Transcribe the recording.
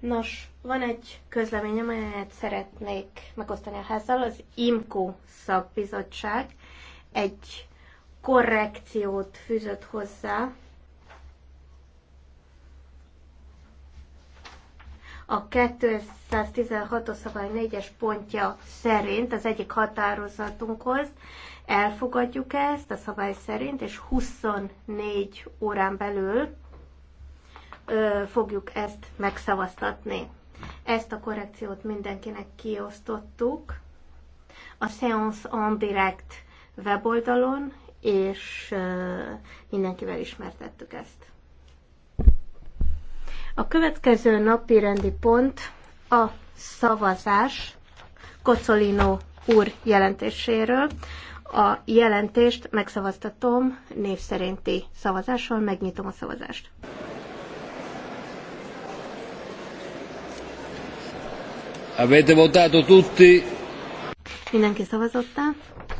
Nos, van egy közlemény, amelyet szeretnék megosztani a házzal. Az IMCO szakbizottság egy korrekciót fűzött hozzá a 216-os szabály 4-es pontja szerint az egyik határozatunkhoz elfogadjuk ezt a szabály szerint, és 24 órán belül fogjuk ezt megszavaztatni. Ezt a korrekciót mindenkinek kiosztottuk a Seance on Direct weboldalon, és mindenkivel ismertettük ezt. A következő napi rendi pont a szavazás Kocolino úr jelentéséről. A jelentést megszavaztatom név szerinti szavazással, megnyitom a szavazást. Avete votato tutti? Mindenki szavazottá?